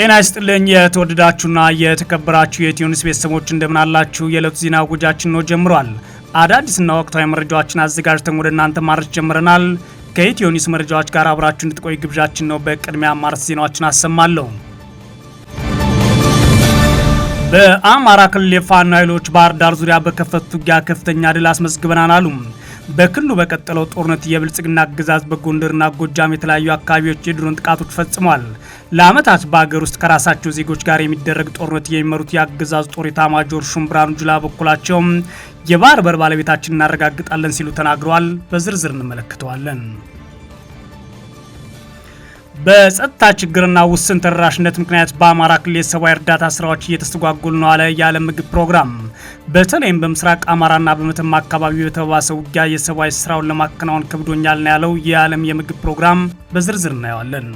ጤና ይስጥልኝ የተወደዳችሁና የተከበራችሁ የኢትዮኒስ ቤተሰቦች እንደምናላችሁ። የዕለቱ ዜና ጉጃችን ነው ጀምሯል። አዳዲስና ወቅታዊ መረጃዎችን አዘጋጅተን ወደ እናንተ ማድረስ ጀምረናል። ከኢትዮኒስ መረጃዎች ጋር አብራችሁ እንድትቆይ ግብዣችን ነው። በቅድሚያ ማርስ ዜናዎችን አሰማለሁ። በአማራ ክልል የፋኖ ኃይሎች ባህር ዳር ዙሪያ በከፈቱት ውጊያ ከፍተኛ ድል አስመዝግበናል አሉም። በክልሉ በቀጠለው ጦርነት የብልጽግና አገዛዝ በጎንደርና ጎጃም የተለያዩ አካባቢዎች የድሮን ጥቃቶች ፈጽሟል። ለአመታት በሀገር ውስጥ ከራሳቸው ዜጎች ጋር የሚደረግ ጦርነት የሚመሩት የአገዛዝ ጦር ኤታማዦር ሹም ብርሃኑ ጁላ በኩላቸውም የባህር በር ባለቤታችን እናረጋግጣለን ሲሉ ተናግረዋል። በዝርዝር እንመለከተዋለን። በጸጥታ ችግርና ውስን ተደራሽነት ምክንያት በአማራ ክልል የሰብአዊ እርዳታ ስራዎች እየተስተጓጎሉ ነው አለ የዓለም ምግብ ፕሮግራም። በተለይም በምስራቅ አማራና በመተማ አካባቢ በተባሰ ውጊያ የሰብአዊ ስራውን ለማከናወን ከብዶኛል ነው ያለው የዓለም የምግብ ፕሮግራም። በዝርዝር እናየዋለን።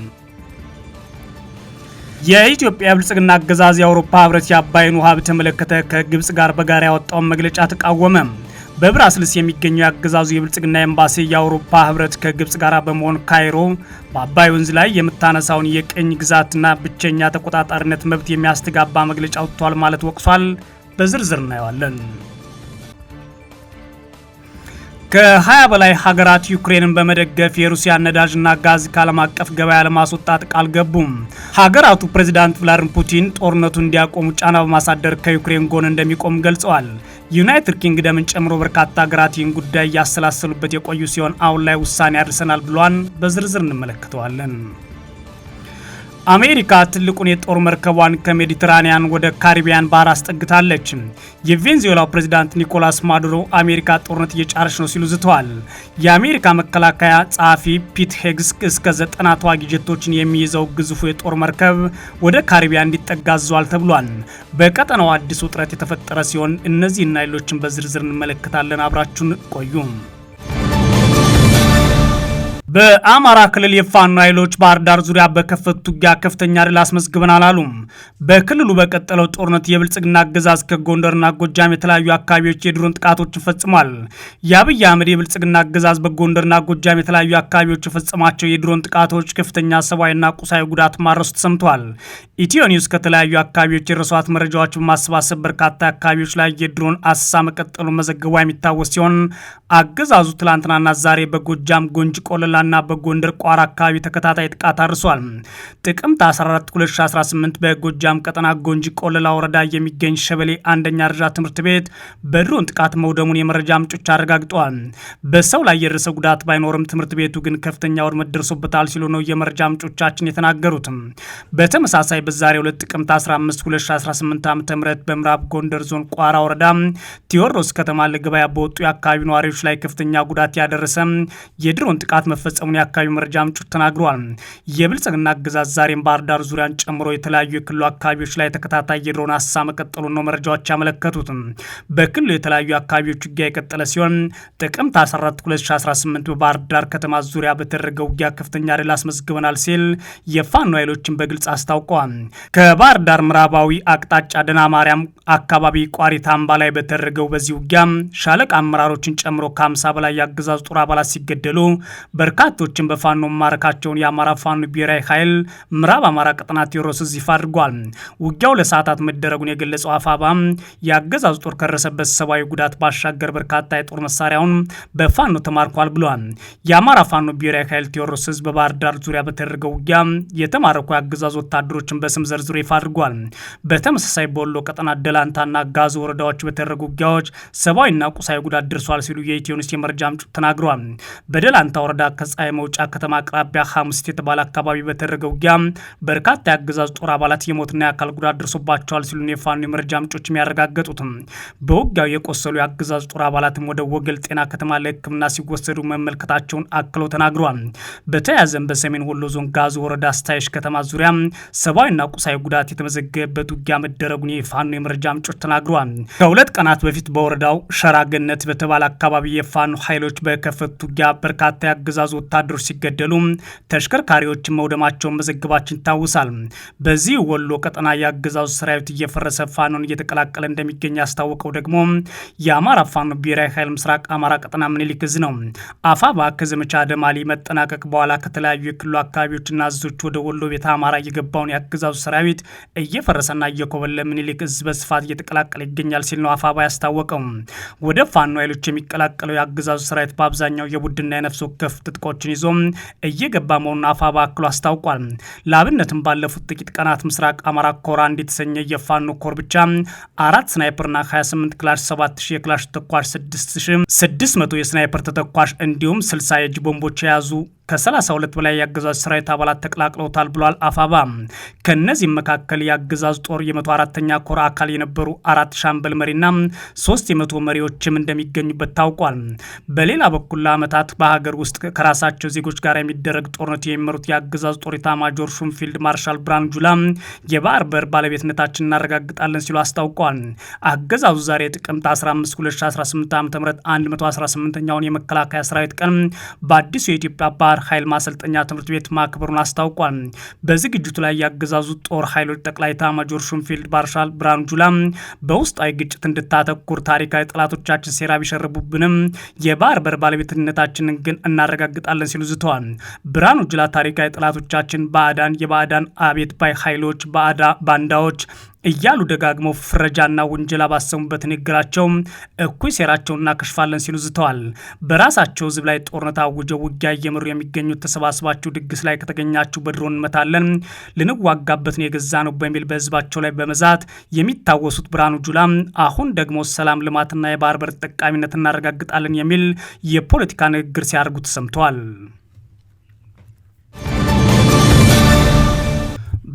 የኢትዮጵያ ብልጽግና አገዛዝ የአውሮፓ ህብረት የአባይን ውሃ በተመለከተ ከግብፅ ጋር በጋራ ያወጣውን መግለጫ ተቃወመም። በብራስልስ የሚገኘው የአገዛዙ የብልጽግና ኤምባሲ የአውሮፓ ህብረት ከግብጽ ጋር በመሆን ካይሮ በአባይ ወንዝ ላይ የምታነሳውን የቅኝ ግዛትና ብቸኛ ተቆጣጣሪነት መብት የሚያስተጋባ መግለጫ አውጥቷል ማለት ወቅሷል። በዝርዝር እናየዋለን። ከ20 በላይ ሀገራት ዩክሬንን በመደገፍ የሩሲያ ነዳጅና ጋዝ ከዓለም አቀፍ ገበያ ለማስወጣት ቃል ገቡም። ሀገራቱ ፕሬዚዳንት ቭላድሚር ፑቲን ጦርነቱ እንዲያቆሙ ጫና በማሳደር ከዩክሬን ጎን እንደሚቆም ገልጸዋል። ዩናይትድ ኪንግደምን ጨምሮ በርካታ ሀገራት ይህን ጉዳይ እያሰላሰሉበት የቆዩ ሲሆን አሁን ላይ ውሳኔ አድርሰናል ብሏን በዝርዝር እንመለከተዋለን። አሜሪካ ትልቁን የጦር መርከቧን ከሜዲትራኒያን ወደ ካሪቢያን ባህር አስጠግታለች። የቬንዙዌላው ፕሬዚዳንት ኒኮላስ ማዱሮ አሜሪካ ጦርነት እየጫረች ነው ሲሉ ዝተዋል። የአሜሪካ መከላከያ ጸሐፊ ፒት ሄግስ እስከ ዘጠና ተዋጊ ጀቶችን የሚይዘው ግዙፉ የጦር መርከብ ወደ ካሪቢያን እንዲጠጋ አዟል ተብሏል። በቀጠናው አዲስ ውጥረት የተፈጠረ ሲሆን እነዚህና ሌሎችን በዝርዝር እንመለከታለን። አብራችሁን ቆዩ። በአማራ ክልል የፋኖ ኃይሎች ባህር ዳር ዙሪያ በከፈቱት ውጊያ ከፍተኛ ድል አስመዝግበናል አሉም። በክልሉ በቀጠለው ጦርነት የብልጽግና አገዛዝ ከጎንደርና ጎጃም የተለያዩ አካባቢዎች የድሮን ጥቃቶችን ፈጽሟል። የአብይ አህመድ የብልጽግና አገዛዝ በጎንደርና ጎጃም የተለያዩ አካባቢዎች የፈጸማቸው የድሮን ጥቃቶች ከፍተኛ ሰብአዊና ቁሳዊ ጉዳት ማድረሱ ተሰምቷል። ኢትዮ ኒውስ ከተለያዩ አካባቢዎች የረሷት መረጃዎች በማሰባሰብ በርካታ አካባቢዎች ላይ የድሮን አሰሳ መቀጠሉ መዘገቧ የሚታወስ ሲሆን አገዛዙ ትላንትናና ዛሬ በጎጃም ጎንጅ ቆለላ በአዳማና በጎንደር ቋራ አካባቢ ተከታታይ ጥቃት አድርሷል። ጥቅምት 14 2018 በጎጃም ቀጠና ጎንጂ ቆለላ ወረዳ የሚገኝ ሸበሌ አንደኛ ደረጃ ትምህርት ቤት በድሮን ጥቃት መውደሙን የመረጃ ምንጮች አረጋግጠዋል። በሰው ላይ የደረሰ ጉዳት ባይኖርም ትምህርት ቤቱ ግን ከፍተኛ ውድመት ደርሶበታል ሲሉ ነው የመረጃ ምንጮቻችን የተናገሩት። በተመሳሳይ በዛሬ ዕለት ጥቅምት 15 2018 ዓ ም በምዕራብ ጎንደር ዞን ቋራ ወረዳ ቴዎድሮስ ከተማ ለገበያ በወጡ የአካባቢ ነዋሪዎች ላይ ከፍተኛ ጉዳት ያደረሰ የድሮን ጥቃት መፈ ማስፈጸሙን የአካባቢ መረጃ ምንጮች ተናግረዋል። የብልጽግና አገዛዝ ዛሬም ባህር ዳር ዙሪያን ጨምሮ የተለያዩ የክልሉ አካባቢዎች ላይ ተከታታይ የድሮን አሳ መቀጠሉን ነው መረጃዎች ያመለከቱት። በክልሉ የተለያዩ አካባቢዎች ውጊያ የቀጠለ ሲሆን ጥቅምት 14 2018 በባህር ዳር ከተማ ዙሪያ በተደረገ ውጊያ ከፍተኛ ድል አስመዝግበናል ሲል የፋኖ ኃይሎችን በግልጽ አስታውቀዋል። ከባህር ዳር ምዕራባዊ አቅጣጫ ደና ማርያም አካባቢ ቋሪት አምባ ላይ በተደረገው በዚህ ውጊያ ሻለቃ አመራሮችን ጨምሮ ከ50 በላይ የአገዛዙ ጦር አባላት ሲገደሉ በርካቶችን በፋኖ ማረካቸውን የአማራ ፋኖ ብሔራዊ ኃይል ምዕራብ አማራ ቀጠና ቴዎድሮስ እዝ ይፋ አድርጓል። ውጊያው ለሰዓታት መደረጉን የገለጸው አፋባ የአገዛዙ ጦር ከረሰበት ሰብአዊ ጉዳት ባሻገር በርካታ የጦር መሳሪያውን በፋኖ ተማርኳል ብሏል። የአማራ ፋኖ ብሔራዊ ኃይል ቴዎድሮስ ህዝብ በባህር ዳር ዙሪያ በተደረገው ውጊያ የተማረኩ የአገዛዝ ወታደሮችን በስም ዘርዝሮ ይፋ አድርጓል። በተመሳሳይ በወሎ ቀጠና ደላንታና ጋዞ ወረዳዎች በተደረጉ ውጊያዎች ሰብአዊና ቁሳዊ ጉዳት ደርሷል ሲሉ የኢትዮኒስ የመረጃ ምንጮች ተናግረዋል። በደላንታ ወረዳ ከፀሐይ መውጫ ከተማ አቅራቢያ ሐሙሲት የተባለ አካባቢ በተደረገ ውጊያ በርካታ የአገዛዙ ጦር አባላት የሞትና የአካል ጉዳት ደርሶባቸዋል ሲሉን የፋኖ የመረጃ ምንጮች ያረጋገጡትም። በውጊያው የቆሰሉ የአገዛዙ ጦር አባላትም ወደ ወገል ጤና ከተማ ለሕክምና ሲወሰዱ መመልከታቸውን አክለው ተናግረዋል። በተያያዘም በሰሜን ወሎ ዞን ጋዙ ወረዳ አስታየሽ ከተማ ዙሪያ ሰብአዊና ቁሳዊ ጉዳት የተመዘገበበት ውጊያ መደረጉን የፋኖ የመረጃ ምንጮች ተናግረዋል። ከሁለት ቀናት በፊት በወረዳው ሸራገነት በተባለ አካባቢ የፋኖ ኃይሎች በከፈቱት ውጊያ በርካታ የአገዛዙ ወታደሮች ሲገደሉ ተሽከርካሪዎችን መውደማቸውን መዘግባችን ይታወሳል። በዚህ ወሎ ቀጠና የአገዛዙ ሰራዊት እየፈረሰ ፋኖን እየተቀላቀለ እንደሚገኝ ያስታወቀው ደግሞ የአማራ ፋኖ ብሔራዊ ኃይል ምስራቅ አማራ ቀጠና ምኒልክ እዝ ነው። አፋባ ከዘመቻ ደማሊ መጠናቀቅ በኋላ ከተለያዩ የክልሉ አካባቢዎችና እዞች ወደ ወሎ ቤተ አማራ እየገባውን የአገዛዙ ሰራዊት እየፈረሰና እየኮበለ ምኒልክ እዝ በስፋት እየተቀላቀለ ይገኛል ሲል ነው አፋባ ያስታወቀው። ወደ ፋኖ ኃይሎች የሚቀላቀለው የአገዛዙ ሰራዊት በአብዛኛው የቡድንና የነፍስ ወከፍ ትጥቆ ሻለቆችን ይዞ እየገባ መሆኑን አፋባ አክሎ አስታውቋል። ለአብነትም ባለፉት ጥቂት ቀናት ምስራቅ አማራ ኮራ እንደተሰኘ የፋኖ ኮር ብቻ አራት ስናይፐርና 28 ክላሽ 7000 የክላሽ ተኳሽ 6600 የስናይፐር ተተኳሽ እንዲሁም 60 የእጅ ቦምቦች የያዙ ከሰላሳ ሁለት በላይ የአገዛዝ ሰራዊት አባላት ተቀላቅለውታል ብሏል አፋባ። ከእነዚህም መካከል የአገዛዝ ጦር የመቶ አራተኛ ኮር አካል የነበሩ አራት ሻምበል መሪና ሶስት የመቶ መሪዎችም እንደሚገኙበት ታውቋል። በሌላ በኩል ለአመታት በሀገር ውስጥ ከራሳቸው ዜጎች ጋር የሚደረግ ጦርነት የሚመሩት የአገዛዝ ጦር ኤታማዦር ሹም ፊልድ ማርሻል ብርሃኑ ጁላ የባህር በር ባለቤትነታችን እናረጋግጣለን ሲሉ አስታውቋል። አገዛዙ ዛሬ ጥቅምት 15 2018 ዓ ም 118ኛውን የመከላከያ ሰራዊት ቀን በአዲሱ የኢትዮጵያ የባህር ኃይል ማሰልጠኛ ትምህርት ቤት ማክበሩን አስታውቋል። በዝግጅቱ ላይ ያገዛዙ ጦር ኃይሎች ጠቅላይ ኤታማዦር ሹም ፊልድ ማርሻል ብርሃኑ ጁላ በውስጣዊ ግጭት እንድታተኩር ታሪካዊ ጠላቶቻችን ሴራ ቢሸርቡብንም የባህር በር ባለቤትነታችንን ግን እናረጋግጣለን ሲሉ ዝተዋል። ብርሃኑ ጁላ ታሪካዊ ጠላቶቻችን ባዕዳን፣ የባዕዳን አቤት ባይ ኃይሎች፣ ባንዳዎች እያሉ ደጋግመው ፍረጃና ውንጀላ ባሰሙበት ንግግራቸው እኩይ ሴራቸውን እናከሽፋለን ሲሉ ዝተዋል። በራሳቸው ህዝብ ላይ ጦርነት አውጀው ውጊያ እየመሩ የሚገኙት ተሰባስባችሁ ድግስ ላይ ከተገኛችሁ በድሮ እንመታለን ልንዋጋበት ነው የገዛ ነው በሚል በህዝባቸው ላይ በመዛት የሚታወሱት ብርሃኑ ጁላ አሁን ደግሞ ሰላም ልማትና የባህር በር ጠቃሚነት እናረጋግጣለን የሚል የፖለቲካ ንግግር ሲያደርጉ ተሰምተዋል።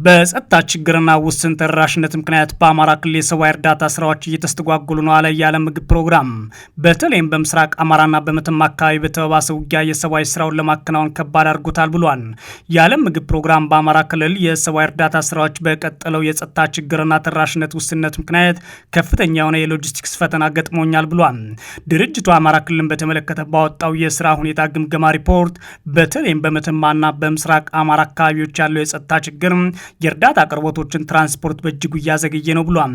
በጸጥታ ችግርና ውስን ተደራሽነት ምክንያት በአማራ ክልል የሰብአዊ እርዳታ ስራዎች እየተስተጓጉሉ ነው አለ የዓለም ምግብ ፕሮግራም። በተለይም በምስራቅ አማራና በመተማ አካባቢ በተባባሰ ውጊያ የሰብአዊ ስራውን ለማከናወን ከባድ አድርጎታል ብሏል። የዓለም ምግብ ፕሮግራም በአማራ ክልል የሰብአዊ እርዳታ ስራዎች በቀጠለው የጸጥታ ችግርና ተደራሽነት ውስንነት ምክንያት ከፍተኛ የሆነ የሎጂስቲክስ ፈተና ገጥሞኛል ብሏል። ድርጅቱ አማራ ክልልን በተመለከተ ባወጣው የስራ ሁኔታ ግምገማ ሪፖርት በተለይም በመተማና በምስራቅ አማራ አካባቢዎች ያለው የጸጥታ ችግር የእርዳታ አቅርቦቶችን ትራንስፖርት በእጅጉ እያዘገየ ነው ብሏል።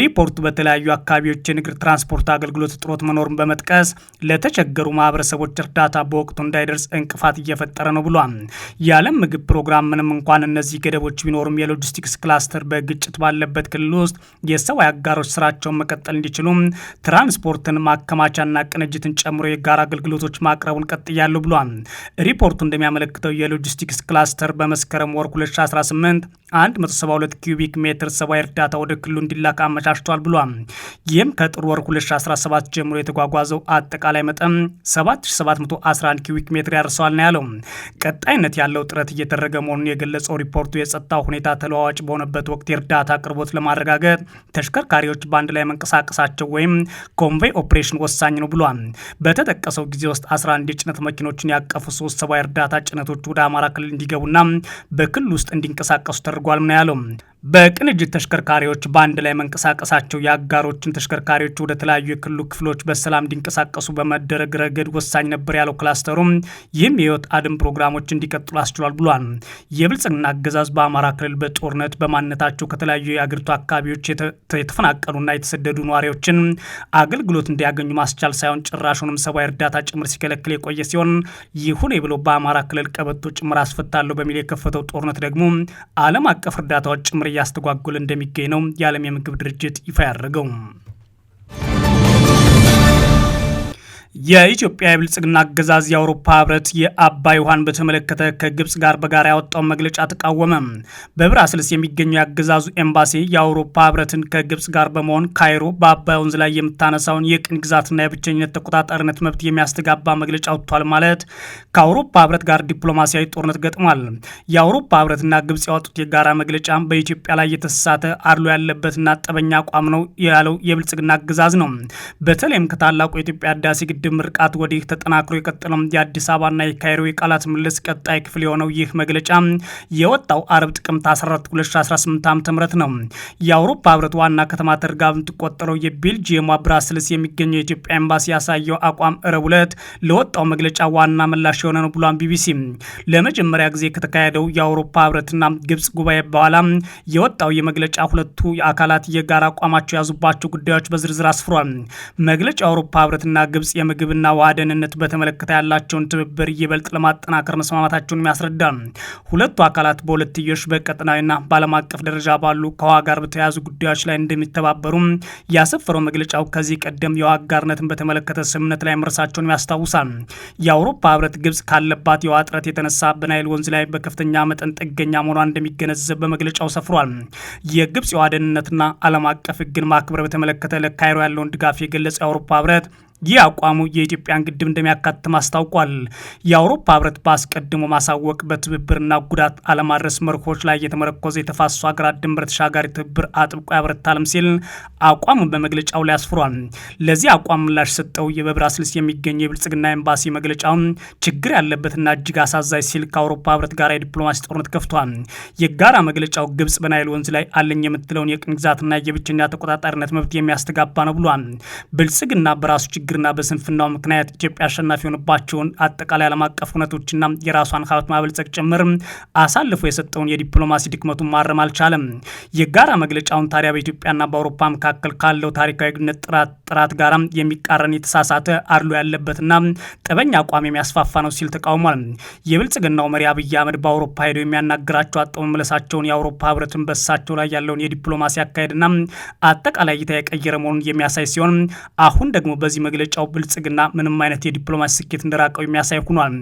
ሪፖርቱ በተለያዩ አካባቢዎች የንግድ ትራንስፖርት አገልግሎት እጥረት መኖርን በመጥቀስ ለተቸገሩ ማህበረሰቦች እርዳታ በወቅቱ እንዳይደርስ እንቅፋት እየፈጠረ ነው ብሏል። የዓለም ምግብ ፕሮግራም ምንም እንኳን እነዚህ ገደቦች ቢኖሩም የሎጂስቲክስ ክላስተር በግጭት ባለበት ክልል ውስጥ የሰብአዊ አጋሮች ስራቸውን መቀጠል እንዲችሉም ትራንስፖርትን ማከማቻና ቅንጅትን ጨምሮ የጋራ አገልግሎቶች ማቅረቡን ቀጥያለሁ ብሏል። ሪፖርቱ እንደሚያመለክተው የሎጂስቲክስ ክላስተር በመስከረም ወር 2018 172 ኪዩቢክ ሜትር ሰብአዊ እርዳታ ወደ ክልሉ እንዲላክ አመቻችቷል ብሏል። ይህም ከጥር ወር 2017 ጀምሮ የተጓጓዘው አጠቃላይ መጠን 7711 ኪዩቢክ ሜትር ያርሰዋል ነው ያለው። ቀጣይነት ያለው ጥረት እየተደረገ መሆኑን የገለጸው ሪፖርቱ የጸጥታ ሁኔታ ተለዋዋጭ በሆነበት ወቅት የእርዳታ አቅርቦት ለማረጋገጥ ተሽከርካሪዎች በአንድ ላይ መንቀሳቀሳቸው ወይም ኮንቬይ ኦፕሬሽን ወሳኝ ነው ብሏል። በተጠቀሰው ጊዜ ውስጥ 11 የጭነት መኪኖችን ያቀፉ ሶስት ሰብአዊ እርዳታ ጭነቶች ወደ አማራ ክልል እንዲገቡና በክልል ውስጥ እንዲንቀሳቀሱ ተደርጓል ተደርጓልም ነው ያለው። በቅንጅት ተሽከርካሪዎች በአንድ ላይ መንቀሳቀሳቸው የአጋሮችን ተሽከርካሪዎች ወደ ተለያዩ የክልሉ ክፍሎች በሰላም እንዲንቀሳቀሱ በመደረግ ረገድ ወሳኝ ነበር ያለው ክላስተሩም ይህም የህይወት አድን ፕሮግራሞች እንዲቀጥሉ አስችሏል ብሏል። የብልጽግና አገዛዝ በአማራ ክልል በጦርነት በማንነታቸው ከተለያዩ የአገሪቱ አካባቢዎች የተፈናቀሉና የተሰደዱ ነዋሪዎችን አገልግሎት እንዲያገኙ ማስቻል ሳይሆን ጭራሹንም ሰብአዊ እርዳታ ጭምር ሲከለክል የቆየ ሲሆን ይሁን ብሎ በአማራ ክልል ቀበቶ ጭምር አስፈታለሁ በሚል የከፈተው ጦርነት ደግሞ ዓለም አቀፍ እርዳታዎች ጭምር እያስተጓጎለ እንደሚገኝ ነው የዓለም የምግብ ድርጅት ይፋ ያደረገው። የኢትዮጵያ የብልጽግና አገዛዝ የአውሮፓ ህብረት የአባይ ውሃን በተመለከተ ከግብፅ ጋር በጋራ ያወጣውን መግለጫ ተቃወመ። በብራስልስ የሚገኘው የአገዛዙ ኤምባሲ የአውሮፓ ህብረትን ከግብፅ ጋር በመሆን ካይሮ በአባይ ወንዝ ላይ የምታነሳውን የቅኝ ግዛትና የብቸኝነት ተቆጣጣሪነት መብት የሚያስተጋባ መግለጫ ወጥቷል ማለት ከአውሮፓ ህብረት ጋር ዲፕሎማሲያዊ ጦርነት ገጥሟል። የአውሮፓ ህብረትና ግብፅ ያወጡት የጋራ መግለጫ በኢትዮጵያ ላይ የተሳሳተ አድሎ ያለበትና ጠበኛ አቋም ነው ያለው የብልጽግና አገዛዝ ነው። በተለይም ከታላቁ የኢትዮጵያ ህዳሴ የግድብ ምርቃት ወዲህ ተጠናክሮ የቀጠለው የአዲስ አበባና የካይሮ የቃላት ምልልስ ቀጣይ ክፍል የሆነው ይህ መግለጫ የወጣው አርብ ጥቅምት 14 2018 ዓ ም ነው። የአውሮፓ ህብረት ዋና ከተማ ተደርጋ የምትቆጠረው የቤልጅየሟ ብራስልስ የሚገኘው የኢትዮጵያ ኤምባሲ ያሳየው አቋም ረቡዕ ዕለት ለወጣው መግለጫ ዋና ምላሽ የሆነ ነው ብሏን ቢቢሲ ለመጀመሪያ ጊዜ ከተካሄደው የአውሮፓ ህብረትና ግብጽ ጉባኤ በኋላ የወጣው የመግለጫ ሁለቱ አካላት የጋራ አቋማቸው የያዙባቸው ጉዳዮች በዝርዝር አስፍሯል። መግለጫ የአውሮፓ ህብረትና ግብጽ ምግብና ውሃ ደህንነት በተመለከተ ያላቸውን ትብብር ይበልጥ ለማጠናከር መስማማታቸውንም ያስረዳል። ሁለቱ አካላት በሁለትዮሽ በቀጠናዊና በዓለም አቀፍ ደረጃ ባሉ ከውሃ ጋር በተያያዙ ጉዳዮች ላይ እንደሚተባበሩም ያሰፈረው መግለጫው ከዚህ ቀደም የውሃ አጋርነትን በተመለከተ ስምምነት ላይ መርሳቸውን ያስታውሳል። የአውሮፓ ህብረት ግብጽ ካለባት የውሃ እጥረት የተነሳ በናይል ወንዝ ላይ በከፍተኛ መጠን ጥገኛ መሆኗን እንደሚገነዘብ በመግለጫው ሰፍሯል። የግብጽ የውሃ ደህንነትና ዓለም አቀፍ ህግን ማክበር በተመለከተ ለካይሮ ያለውን ድጋፍ የገለጸ የአውሮፓ ህብረት ይህ አቋሙ የኢትዮጵያን ግድብ እንደሚያካትም አስታውቋል። የአውሮፓ ህብረት በአስቀድሞ ማሳወቅ በትብብርና ጉዳት አለማድረስ መርሆች ላይ የተመረኮዘ የተፋሰሱ ሀገራት ድንበር ተሻጋሪ ትብብር አጥብቆ ያበረታልም ሲል አቋሙን በመግለጫው ላይ አስፍሯል። ለዚህ አቋም ምላሽ ሰጠው የበብራስልስ የሚገኘው የብልጽግና ኤምባሲ መግለጫው ችግር ያለበትና እጅግ አሳዛኝ ሲል ከአውሮፓ ህብረት ጋር የዲፕሎማሲ ጦርነት ከፍቷል። የጋራ መግለጫው ግብጽ በናይል ወንዝ ላይ አለኝ የምትለውን የቅኝ ግዛትና የብቸኛ ተቆጣጣሪነት መብት የሚያስተጋባ ነው ብሏል። ብልጽግና በራሱ ችግር ችግርና በስንፍናው ምክንያት ኢትዮጵያ አሸናፊ የሆንባቸውን አጠቃላይ ዓለም አቀፍ እውነቶችና የራሷን ሀብት ማበልጸግ ጭምር አሳልፎ የሰጠውን የዲፕሎማሲ ድክመቱን ማረም አልቻለም። የጋራ መግለጫውን ታዲያ በኢትዮጵያና በአውሮፓ መካከል ካለው ታሪካዊ ግንኙነት ጥራት ጥራት ጋር የሚቃረን የተሳሳተ አድሎ ያለበትና ጠበኛ አቋም የሚያስፋፋ ነው ሲል ተቃውሟል። የብልጽግናው መሪ አብይ አህመድ በአውሮፓ ሄደው የሚያናግራቸው አጠሙ መመለሳቸውን የአውሮፓ ህብረትን በሳቸው ላይ ያለውን የዲፕሎማሲ አካሄድና አጠቃላይ እይታ የቀየረ መሆኑን የሚያሳይ ሲሆን አሁን ደግሞ በዚህ መግለጫ መግለጫው ብልጽግና ምንም አይነት የዲፕሎማሲ ስኬት እንደራቀው የሚያሳይ ሆኗል።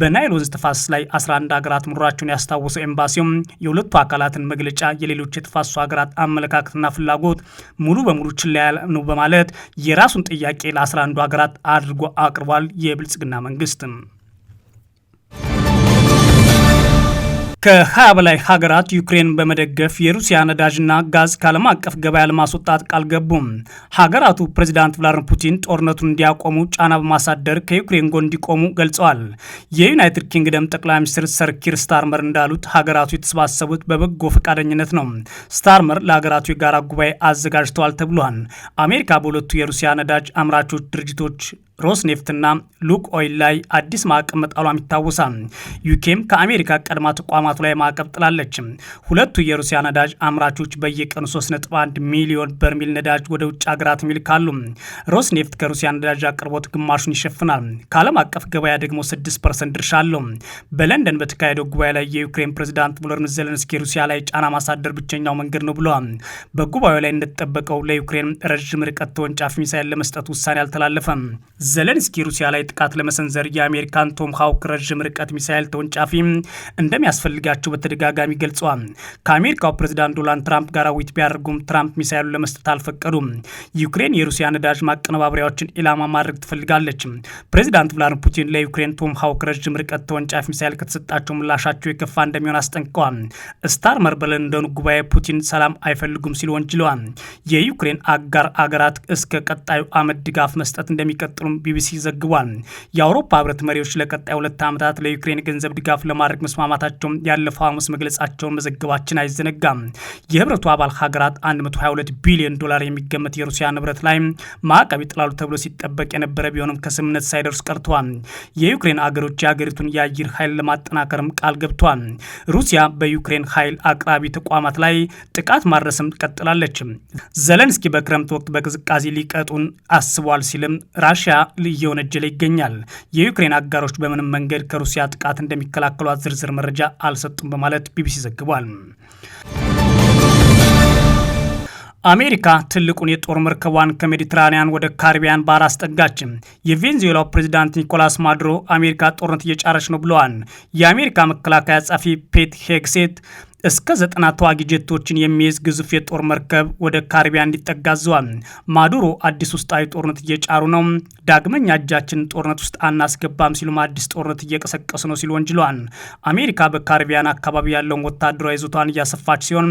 በናይል ወንዝ ተፋሰስ ላይ 11 ሀገራት ምሮራቸውን ያስታወሰው ኤምባሲውም የሁለቱ አካላትን መግለጫ የሌሎች የተፋሰሱ ሀገራት አመለካከትና ፍላጎት ሙሉ በሙሉ ችላ ያለ ነው በማለት የራሱን ጥያቄ ለ11 ሀገራት አድርጎ አቅርቧል። የብልጽግና መንግስት ከ20 በላይ ሀገራት ዩክሬን በመደገፍ የሩሲያ ነዳጅና ጋዝ ከዓለም አቀፍ ገበያ ለማስወጣት ቃል ገቡ። ሀገራቱ ፕሬዚዳንት ቭላድሚር ፑቲን ጦርነቱን እንዲያቆሙ ጫና በማሳደር ከዩክሬን ጎን እንዲቆሙ ገልጸዋል። የዩናይትድ ኪንግደም ጠቅላይ ሚኒስትር ሰር ኪር ስታርመር እንዳሉት ሀገራቱ የተሰባሰቡት በበጎ ፈቃደኝነት ነው። ስታርመር ለሀገራቱ የጋራ ጉባኤ አዘጋጅተዋል ተብሏል። አሜሪካ በሁለቱ የሩሲያ ነዳጅ አምራቾች ድርጅቶች ሮስኔፍትና ሉክ ኦይል ላይ አዲስ ማዕቀብ መጣሏም ይታወሳል። ዩኬም ከአሜሪካ ቀድማ ተቋማቱ ላይ ማዕቀብ ጥላለች። ሁለቱ የሩሲያ ነዳጅ አምራቾች በየቀኑ 3.1 ሚሊዮን በርሚል ነዳጅ ወደ ውጭ ሀገራት ይልካሉ። ሮስኔፍት ከሩሲያ ነዳጅ አቅርቦት ግማሹን ይሸፍናል። ከዓለም አቀፍ ገበያ ደግሞ 6 ፐርሰንት ድርሻ አለው። በለንደን በተካሄደው ጉባኤ ላይ የዩክሬን ፕሬዚዳንት ቮሎድሚር ዘለንስኪ ሩሲያ ላይ ጫና ማሳደር ብቸኛው መንገድ ነው ብለዋል። በጉባኤው ላይ እንደተጠበቀው ለዩክሬን ረዥም ርቀት ተወንጫፊ ሚሳይል ለመስጠት ውሳኔ አልተላለፈም። ዘለንስኪ ሩሲያ ላይ ጥቃት ለመሰንዘር የአሜሪካን ቶም ሃውክ ረዥም ርቀት ሚሳይል ተወንጫፊ እንደሚያስፈልጋቸው በተደጋጋሚ ገልጸዋል። ከአሜሪካው ፕሬዚዳንት ዶናልድ ትራምፕ ጋር ዊት ቢያደርጉም ትራምፕ ሚሳይሉን ለመስጠት አልፈቀዱም። ዩክሬን የሩሲያ ነዳጅ ማቀነባበሪያዎችን ኢላማ ማድረግ ትፈልጋለች። ፕሬዚዳንት ቭላድሚር ፑቲን ለዩክሬን ቶም ሃውክ ረዥም ርቀት ተወንጫፊ ሚሳይል ከተሰጣቸው ምላሻቸው የከፋ እንደሚሆን አስጠንቅቀዋል። መርበለን እንደሆኑ ጉባኤ ፑቲን ሰላም አይፈልጉም ሲል ወንጅለዋል። የዩክሬን አጋር አገራት እስከ ቀጣዩ ዓመት ድጋፍ መስጠት እንደሚቀጥሉም ቢቢሲ ዘግቧል። የአውሮፓ ህብረት መሪዎች ለቀጣይ ሁለት ዓመታት ለዩክሬን ገንዘብ ድጋፍ ለማድረግ መስማማታቸው ያለፈው ሐሙስ መግለጻቸውን መዘገባችን አይዘነጋም። የህብረቱ አባል ሀገራት 122 ቢሊዮን ዶላር የሚገመት የሩሲያ ንብረት ላይ ማዕቀብ ይጥላሉ ተብሎ ሲጠበቅ የነበረ ቢሆንም ከስምምነት ሳይደርስ ቀርተዋል። የዩክሬን አገሮች የአገሪቱን የአየር ኃይል ለማጠናከርም ቃል ገብቷል። ሩሲያ በዩክሬን ኃይል አቅራቢ ተቋማት ላይ ጥቃት ማድረስም ቀጥላለች። ዘለንስኪ በክረምት ወቅት በቅዝቃዜ ሊቀጡን አስቧል ሲልም ራሽያ እየወነጀለ ይገኛል። የዩክሬን አጋሮች በምንም መንገድ ከሩሲያ ጥቃት እንደሚከላከሏት ዝርዝር መረጃ አልሰጡም በማለት ቢቢሲ ዘግቧል። አሜሪካ ትልቁን የጦር መርከቧን ከሜዲትራኒያን ወደ ካሪቢያን ባህር አስጠጋች። የቬንዙዌላው ፕሬዚዳንት ኒኮላስ ማዱሮ አሜሪካ ጦርነት እየጫረች ነው ብለዋል። የአሜሪካ መከላከያ ጸፊ ፔት ሄግሴት እስከ ዘጠና ተዋጊ ጀቶችን የሚይዝ ግዙፍ የጦር መርከብ ወደ ካሪቢያ እንዲጠጋ አዘዋል። ማዱሮ አዲስ ውስጣዊ ጦርነት እየጫሩ ነው፣ ዳግመኛ እጃችንን ጦርነት ውስጥ አናስገባም ሲሉም አዲስ ጦርነት እየቀሰቀሱ ነው ሲሉ ወንጅለዋል። አሜሪካ በካሪቢያን አካባቢ ያለውን ወታደራዊ ይዞቷን እያሰፋች ሲሆን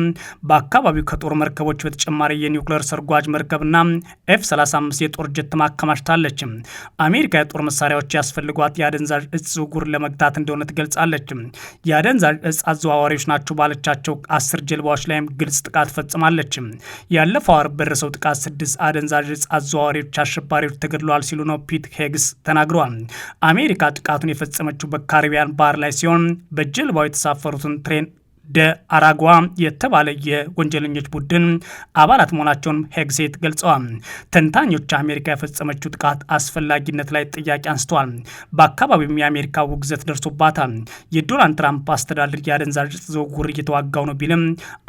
በአካባቢው ከጦር መርከቦች በተጨማሪ የኒውክሌር ሰርጓጅ መርከብና ኤፍ 35 የጦር ጀት ማከማችታለች። አሜሪካ የጦር መሳሪያዎች ያስፈልጓት የአደንዛዥ እጽ ዝውውር ለመግታት እንደሆነ ትገልጻለች። የአደንዛዥ እጽ አዘዋዋሪዎች ናቸው ባለ በያዘቻቸው አስር ጀልባዎች ላይም ግልጽ ጥቃት ፈጽማለች። ያለፈው አርብ በደረሰው ጥቃት ስድስት አደንዛዥ እጽ አዘዋዋሪዎች አሸባሪዎች ተገድለዋል ሲሉ ነው ፒት ሄግስ ተናግረዋል። አሜሪካ ጥቃቱን የፈጸመችው በካሪቢያን ባህር ላይ ሲሆን በጀልባው የተሳፈሩትን ትሬን ደአራጓ የተባለ የወንጀለኞች ቡድን አባላት መሆናቸውን ሄግሴት ገልጸዋል። ተንታኞች አሜሪካ የፈጸመችው ጥቃት አስፈላጊነት ላይ ጥያቄ አንስተዋል። በአካባቢውም የአሜሪካ ውግዘት ደርሶባታል። የዶናልድ ትራምፕ አስተዳደር የአደንዛዥ ዝውውር እየተዋጋው ነው ቢልም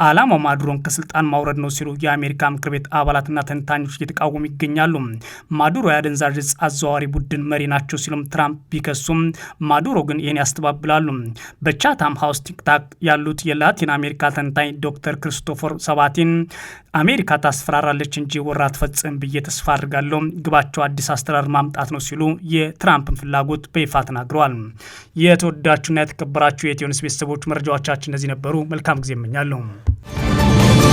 አላማው ማዱሮን ከስልጣን ማውረድ ነው ሲሉ የአሜሪካ ምክር ቤት አባላትና ተንታኞች እየተቃወሙ ይገኛሉ። ማዱሮ የአደንዛዥ አዘዋዋሪ ቡድን መሪ ናቸው ሲሉም ትራምፕ ቢከሱም ማዱሮ ግን ይህን ያስተባብላሉ። በቻታም ሀውስ ቲክታክ ያሉት የላቲን አሜሪካ ተንታኝ ዶክተር ክርስቶፈር ሰባቲን አሜሪካ ታስፈራራለች እንጂ ወራ አትፈጽም ብዬ ተስፋ አድርጋለሁ፣ ግባቸው አዲስ አስተዳደር ማምጣት ነው ሲሉ የትራምፕን ፍላጎት በይፋ ተናግረዋል። የተወዳችሁና የተከበራችሁ የኢትዮ ኒውስ ቤተሰቦች መረጃዎቻችን እነዚህ ነበሩ። መልካም ጊዜ እመኛለሁ።